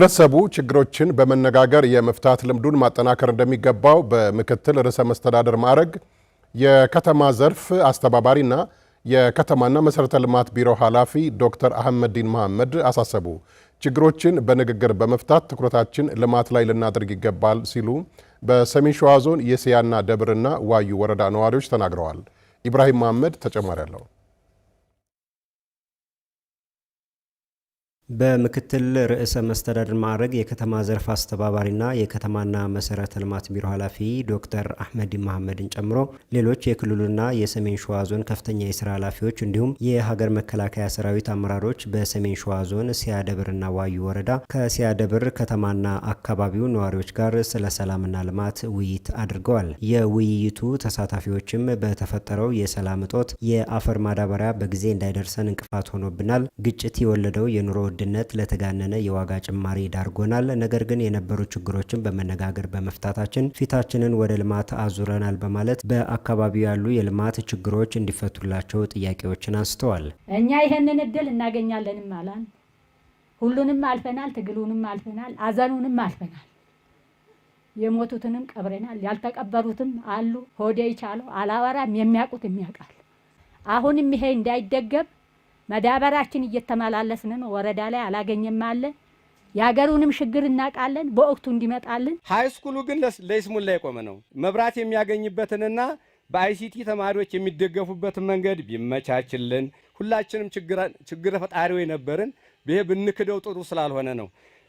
ህብረተሰቡ ችግሮችን በመነጋገር የመፍታት ልምዱን ማጠናከር እንደሚገባው በምክትል ርዕሰ መስተዳደር ማዕረግ የከተማ ዘርፍ አስተባባሪና የከተማና መሠረተ ልማት ቢሮ ኃላፊ ዶክተር አህመዲን መሐመድ አሳሰቡ። ችግሮችን በንግግር በመፍታት ትኩረታችን ልማት ላይ ልናደርግ ይገባል ሲሉ በሰሜን ሸዋ ዞን የስያና ደብርና ዋዩ ወረዳ ነዋሪዎች ተናግረዋል። ኢብራሂም መሐመድ ተጨማሪ አለው። በምክትል ርዕሰ መስተዳድር ማዕረግ የከተማ ዘርፍ አስተባባሪና የከተማና መሰረተ ልማት ቢሮ ኃላፊ ዶክተር አህመዲን መሐመድን ጨምሮ ሌሎች የክልሉና የሰሜን ሸዋ ዞን ከፍተኛ የስራ ኃላፊዎች እንዲሁም የሀገር መከላከያ ሰራዊት አመራሮች በሰሜን ሸዋ ዞን ሲያደብርና ዋዩ ወረዳ ከሲያደብር ከተማና አካባቢው ነዋሪዎች ጋር ስለ ሰላምና ልማት ውይይት አድርገዋል። የውይይቱ ተሳታፊዎችም በተፈጠረው የሰላም እጦት የአፈር ማዳበሪያ በጊዜ እንዳይደርሰን እንቅፋት ሆኖብናል፣ ግጭት የወለደው የኑሮ ውድነት ለተጋነነ የዋጋ ጭማሪ ዳርጎናል። ነገር ግን የነበሩ ችግሮችን በመነጋገር በመፍታታችን ፊታችንን ወደ ልማት አዙረናል በማለት በአካባቢው ያሉ የልማት ችግሮች እንዲፈቱላቸው ጥያቄዎችን አንስተዋል። እኛ ይህንን እድል እናገኛለንም አላን። ሁሉንም አልፈናል፣ ትግሉንም አልፈናል፣ አዘኑንም አልፈናል። የሞቱትንም ቀብረናል። ያልተቀበሩትም አሉ። ሆዴ ይቻለው አላወራም። የሚያውቁት የሚያውቃል። አሁንም ይሄ እንዳይደገም መዳበራችን እየተመላለስን ነው። ወረዳ ላይ አላገኘም አለ። የሀገሩንም ችግር እናውቃለን። በወቅቱ እንዲመጣልን። ሃይስኩሉ ግን ለይስሙን ላይ የቆመ ነው። መብራት የሚያገኝበትንና በአይሲቲ ተማሪዎች የሚደገፉበትን መንገድ ቢመቻችልን። ሁላችንም ችግር ፈጣሪ የነበርን ይሄ ብንክደው ጥሩ ስላልሆነ ነው።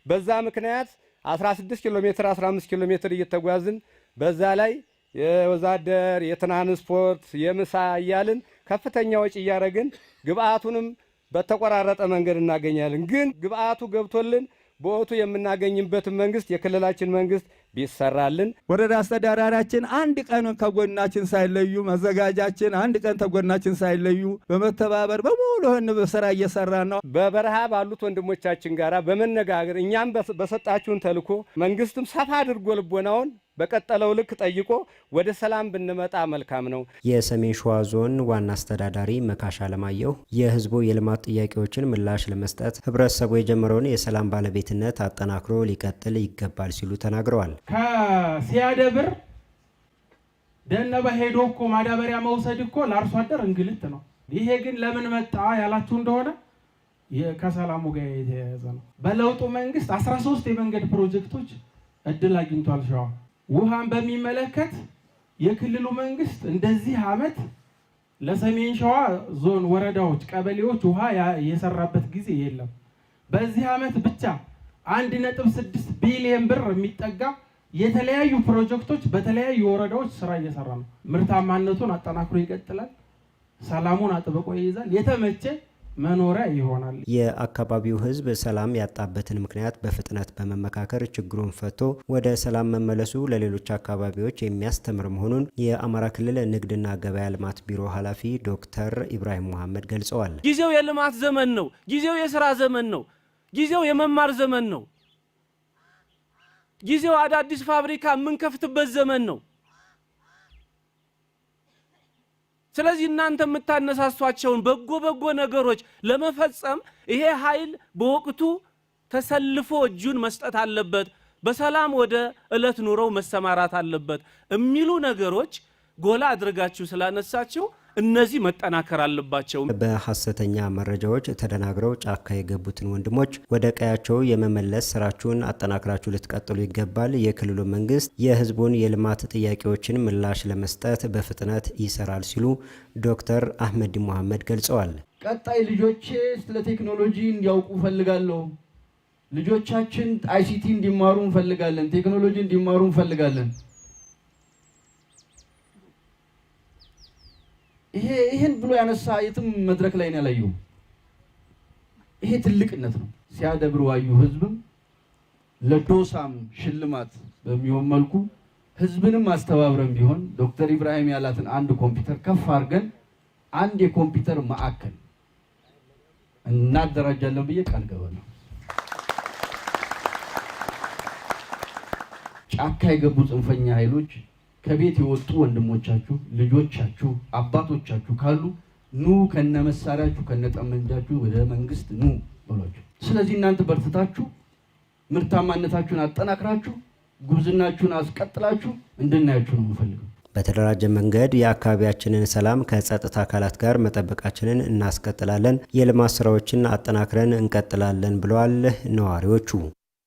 በዛ ምክንያት 16 ኪሎ ሜትር 15 ኪሎ ሜትር እየተጓዝን በዛ ላይ የወዛደር የትራንስፖርት የምሳ እያልን ከፍተኛ ወጪ እያደረግን ግብአቱንም በተቆራረጠ መንገድ እናገኛለን። ግን ግብአቱ ገብቶልን በወቱ የምናገኝበትን መንግስት የክልላችን መንግስት ቢሰራልን ወረዳ አስተዳዳሪያችን አንድ ቀን ከጎናችን ሳይለዩ መዘጋጃችን አንድ ቀን ተጎናችን ሳይለዩ በመተባበር በሙሉ በስራ እየሰራ ነው። በበረሃ ባሉት ወንድሞቻችን ጋራ በመነጋገር እኛም በሰጣችሁን ተልኮ መንግስትም ሰፋ አድርጎ ልቦናውን በቀጠለው ልክ ጠይቆ ወደ ሰላም ብንመጣ መልካም ነው። የሰሜን ሸዋ ዞን ዋና አስተዳዳሪ መካሽ አለማየሁ የህዝቡ የልማት ጥያቄዎችን ምላሽ ለመስጠት ህብረተሰቡ የጀመረውን የሰላም ባለቤትነት አጠናክሮ ሊቀጥል ይገባል ሲሉ ተናግረዋል። ከሲያደብር ደነበ ሄዶ እኮ ማዳበሪያ መውሰድ እኮ ለአርሶ አደር እንግልት ነው። ይሄ ግን ለምን መጣ ያላችሁ እንደሆነ ከሰላሙ ጋር የተያያዘ ነው። በለውጡ መንግስት 13 የመንገድ ፕሮጀክቶች እድል አግኝቷል ሸዋ ውሃን በሚመለከት የክልሉ መንግስት እንደዚህ አመት ለሰሜን ሸዋ ዞን ወረዳዎች፣ ቀበሌዎች ውሃ የሰራበት ጊዜ የለም። በዚህ አመት ብቻ አንድ ነጥብ ስድስት ቢሊየን ብር የሚጠጋ የተለያዩ ፕሮጀክቶች በተለያዩ ወረዳዎች ስራ እየሰራ ነው። ምርታማነቱን አጠናክሮ ይቀጥላል። ሰላሙን አጥብቆ ይይዛል። የተመቼ መኖሪያ ይሆናል። የአካባቢው ህዝብ ሰላም ያጣበትን ምክንያት በፍጥነት በመመካከር ችግሩን ፈቶ ወደ ሰላም መመለሱ ለሌሎች አካባቢዎች የሚያስተምር መሆኑን የአማራ ክልል ንግድና ገበያ ልማት ቢሮ ኃላፊ ዶክተር ኢብራሂም መሐመድ ገልጸዋል። ጊዜው የልማት ዘመን ነው። ጊዜው የስራ ዘመን ነው። ጊዜው የመማር ዘመን ነው። ጊዜው አዳዲስ ፋብሪካ የምንከፍትበት ዘመን ነው። ስለዚህ እናንተ የምታነሳሷቸውን በጎ በጎ ነገሮች ለመፈጸም ይሄ ኃይል በወቅቱ ተሰልፎ እጁን መስጠት አለበት። በሰላም ወደ ዕለት ኑሮው መሰማራት አለበት የሚሉ ነገሮች ጎላ አድርጋችሁ ስላነሳችሁ እነዚህ መጠናከር አለባቸው። በሀሰተኛ መረጃዎች ተደናግረው ጫካ የገቡትን ወንድሞች ወደ ቀያቸው የመመለስ ስራችሁን አጠናክራችሁ ልትቀጥሉ ይገባል። የክልሉ መንግስት የህዝቡን የልማት ጥያቄዎችን ምላሽ ለመስጠት በፍጥነት ይሰራል ሲሉ ዶክተር አህመድ መሐመድ ገልጸዋል። ቀጣይ ልጆቼ ስለ ቴክኖሎጂ እንዲያውቁ እፈልጋለሁ። ልጆቻችን አይሲቲ እንዲማሩ እንፈልጋለን። ቴክኖሎጂ እንዲማሩ እንፈልጋለን። ይሄ ይሄን ብሎ ያነሳ የትም መድረክ ላይ ነው ያላየሁም። ይሄ ትልቅነት ነው። ሲያደብር ዋዩ ህዝብም ለዶሳም ሽልማት በሚሆን መልኩ ህዝብንም አስተባብረን ቢሆን ዶክተር ኢብራሂም ያላትን አንድ ኮምፒውተር ከፍ አድርገን አንድ የኮምፒውተር ማዕከል እናደራጃለን ብዬ ቃል ገባለሁ። ጫካ የገቡ ጽንፈኛ ኃይሎች ከቤት የወጡ ወንድሞቻችሁ፣ ልጆቻችሁ፣ አባቶቻችሁ ካሉ ኑ ከነመሳሪያችሁ ጠመንጃችሁ ወደ መንግስት ኑ በሏቸው። ስለዚህ እናንተ በርትታችሁ ምርታማነታችሁን አጠናክራችሁ ጉብዝናችሁን አስቀጥላችሁ እንድናያችሁ ነው የምፈልገው። በተደራጀ መንገድ የአካባቢያችንን ሰላም ከጸጥታ አካላት ጋር መጠበቃችንን እናስቀጥላለን፣ የልማት ስራዎችን አጠናክረን እንቀጥላለን ብለዋል ነዋሪዎቹ።